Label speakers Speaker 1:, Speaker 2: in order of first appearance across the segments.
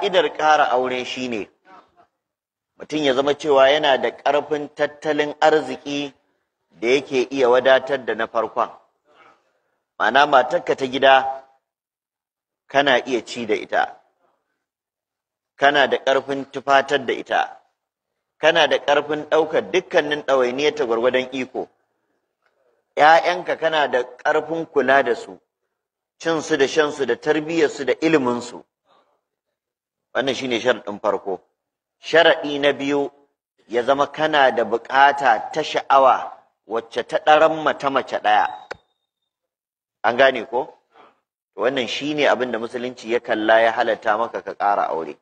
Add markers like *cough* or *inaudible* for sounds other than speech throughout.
Speaker 1: ka'idar ƙara aure ne. mutum ya zama cewa yana da ƙarfin tattalin arziki da yake iya wadatar da na farkon Mana matarka ta gida kana iya ci da ita kana da ƙarfin tufatar da ita kana da ƙarfin ɗaukar dukkanin ɗawainiyar ta gwargwadon iko ‘ya'yanka kana da ƙarfin kula da su cinsu da shansu da tarbiyyarsu da iliminsu wannan shine sharadin farko sharadi na biyu ya zama kana da bukata ta sha'awa wacce ta ɗaran mata mace ɗaya an gane ko wannan shine abin da musulunci ya kalla ya halatta maka ka ƙara aure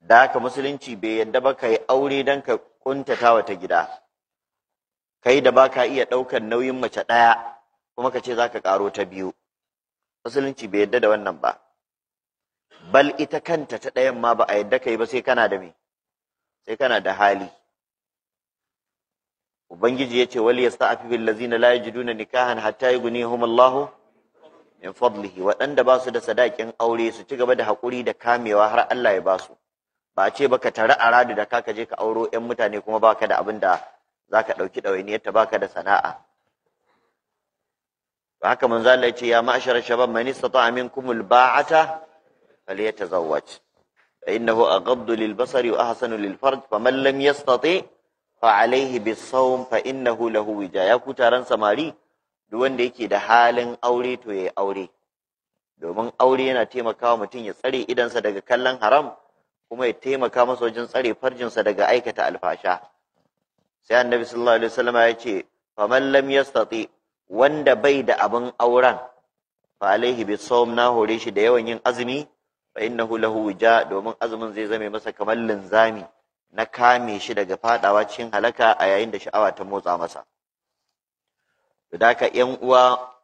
Speaker 1: da haka musulunci bai yadda ba ka yi aure don ka ƙuntata wata gida kai da ba ka iya ɗaukar nauyin mace ɗaya kuma ka ce za ka ƙaro ta biyu musulunci bai yadda da wannan ba bal ita kanta ta ɗayan ma ba a yadda yi ba sai kana da me sai kana da hali ubangiji yace wal yasta'fi bil ladzina la yajiduna nikahan hatta yughnihum Allahu min fadlihi waɗanda ba su da sadakin aure su ci gaba da haƙuri da kamewa har Allah ya ba su ba a ce ba ka tare a radu da kaka je ka auro 'yan mutane kuma baka da abin da zaka ɗauki ɗawainiyar ta baka da sana'a ba haka manzo Allah ya ce ya ma'ashara shabab man istata'a minkumul ba'ata فليتزوج فإنه أغض للبصر وأحسن للفرج فمن لم يستطع فعليه بالصوم فإنه له وجاء يا كتارن سماري duk wanda yake da halin aure to ya aure domin aure yana taimakawa mutum ya tsare idonsa daga kallon haram kuma ya taimaka masa wajen tsare farjinsa daga aikata alfasha sai annabi sallallahu alaihi wasallam ya ce faman lam yastati wanda bai da abin auren fa alaihi bisawm na hore shi da yawan yin azumi fa innahu lahu wija domin azumin zai zame masa kamar linzami na kame shi daga fadawa cikin halaka a yayin da sha'awa ta motsa masa to da ka yan uwa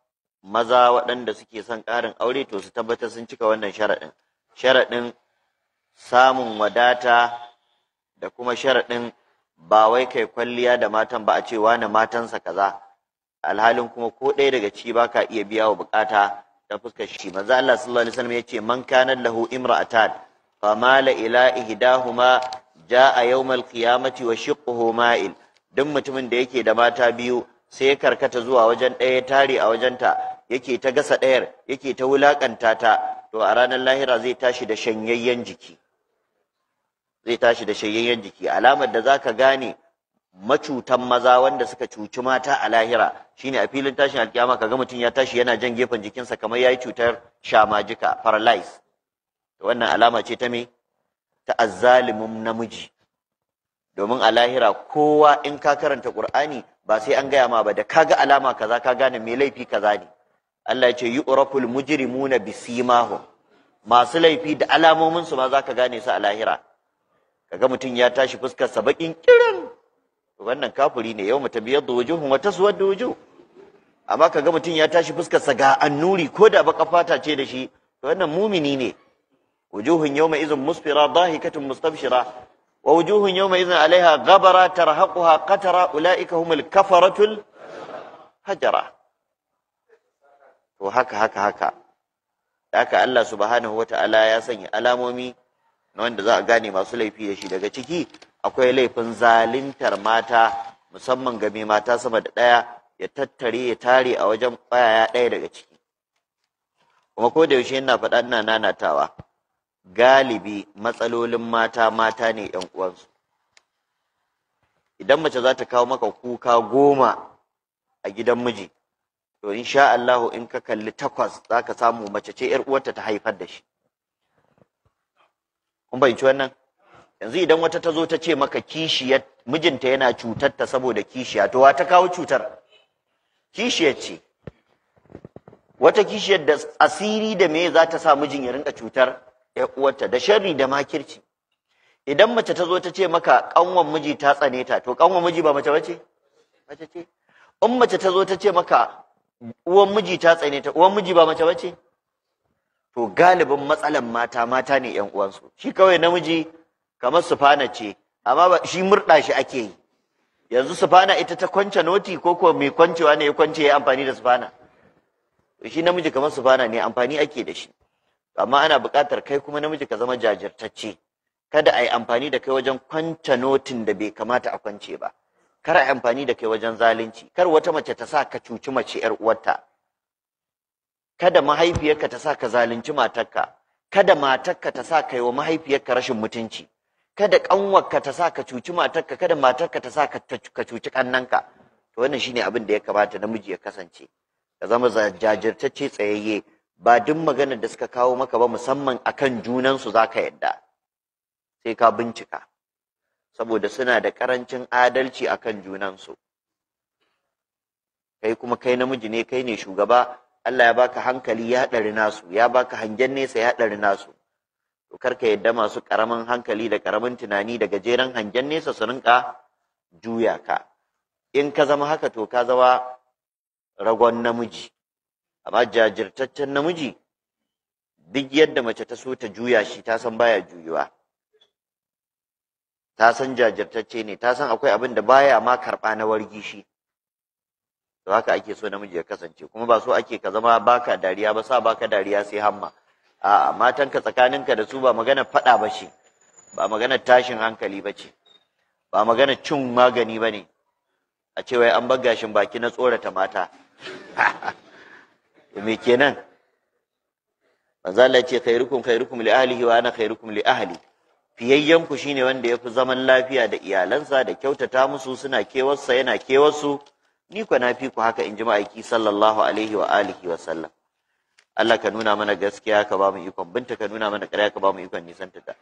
Speaker 1: maza waɗanda suke son ƙarin aure to su tabbatar sun cika wannan sharaɗin sharaɗin samun wadata da kuma sharaɗin ba wai kai kwalliya da matan ba a ce wani matansa kaza alhalin kuma ko ɗaya daga ci ba ka iya biya wa bukata ta fuskar shi manzo Allah sallallahu alaihi wasallam yace man kana lahu imra'atan famala ila ihdahuma jaa yawmal qiyamati wa shiqquhu ma'il duk mutumin da yake da mata biyu sai ya karkata zuwa wajen ɗaya tare a wajenta yake ta gasa ɗayar yake ta wulakanta ta to a ranar lahira zai tashi da shanyayyen jiki zai tashi da shanyayyen jiki alamar da zaka gane macutan maza wanda suka cuci mata a lahira shine a filin tashin alkiyama kaga mutum ya tashi yana jan gefen jikinsa kamar yi cutar shamajika paralyze to wannan alama ce ta me ta azzalumin namiji domin a lahira kowa in ka karanta qur'ani ba sai an gaya ma ba da kaga alama kaza ka gane mai laifi kaza ne Allah ya ce yu'raful mujrimuna bisimahum masu laifi da alamomin su ma zaka gane su a lahira kaga mutum ya tashi fuskar sa bakin kiran wannan kafiri ne yawma tabyaddu wujuhum wa taswaddu wujuh amma ka ga mutum ya tashi fuskar sa ga annuri ko da baka fata ce da shi wannan mumini ne wujuhun yawma izin musfira dahikatun mustabshira wa wujuhun izin idhin alaiha gabara tarhaquha qatara ulaika humul kafaratul hajara to haka haka haka haka Allah subhanahu wataala ya sanya alamomi na wanda za a gane masu laifi da shi daga ciki akwai laifin zalintar mata musamman ga mai mata sama da ɗaya ya tattare ya tare a wajen ƙwayaya ɗaya daga ciki kuma ko da yaushe yana faɗa ina nanatawa galibi matsalolin mata mata ne ƴan uwansu idan mace za ta kawo maka kuka goma a gidan miji to insha Allahu in ka kalli takwas za ka samu mace ce ƴar uwarta ta haifar da shi kun fahimci wannan yanzu idan wata ta zo ta ce maka kishiyar mijinta yana cutar ta saboda kishiya to wa ta kawo cutar kishiyar ce wata kishiyar da asiri da me za ta sa mijin ya rinka cutar ya uwarta da sharri da makirci idan mace ta zo ta ce maka kanwan miji ta tsane ta to kanwan miji ba mace bace mace ce in mace ta zo ta ce maka uwan miji ta tsane ta uwan miji ba mace bace to galibin matsalan mata mata ne yan uwansu shi kawai namiji kamar sufana ce amma shi murɗa shi ake yi yanzu sufana ita ta kwance noti ko ko mai kwancewa ne ya kwance ya amfani da sufana shi namiji kamar sufana ne amfani ake da shi amma ana buƙatar kai kuma namiji ka zama jajirtacce kada a yi amfani da kai wajen kwance notin da bai kamata a kwance ba kar a yi amfani da kai wajen zalunci kar wata mace ta sa ka cuci mace yar uwarta kada mahaifiyarka ta sa ka zalunci matarka kada matarka ta sa kai wa mahaifiyarka rashin mutunci kada ƙanwarka ta sa ka cuci matarka kada matarka ta sa ka cuci ƙannanka to wannan shine abin da ya kamata namiji ya kasance ka zama jajirtacce tsayayye ba duk maganar da suka kawo maka ba musamman akan junansu za ka yadda sai ka bincika saboda suna da karancin adalci akan junansu kai kuma kai namiji ne kai ne shugaba Allah ya baka hankali ya ɗari nasu ya baka hangen nesa ya ɗari nasu to ka yadda masu karamin hankali da karamin tunani da gajeren hangen nesa su rinka juya ka in ka zama haka to ka zama ragon namiji amma jajirtaccen namiji duk yadda mace ta so ta juya shi ta san baya juyuwa ta san jajirtacce ne ta san akwai abin da baya ma karba na wargi shi to haka ake so namiji ya kasance kuma ba so ake ka zama baka dariya ba sa baka dariya sai hamma a'a matanka tsakaninka da su ba magana faɗa ba ce ba magana tashin hankali ba ce ba magana cin magani ba ne a ce wai an bar gashin baki na tsorata mata *laughs* me kenan manzo Allah ce khairukum khairukum li ahlihi wa ana khairukum li ahli fiyayyen ku shine wanda yafi zaman lafiya da iyalansa da kyautata musu suna kewarsa yana kewarsu ni ku na fi ku haka in ji ma'aiki sallallahu alaihi wa alihi wa sallam Allah ka nuna mana gaskiya ka ba mu ikon binta ka nuna mana ƙarya ka ba mu ikon nisan ta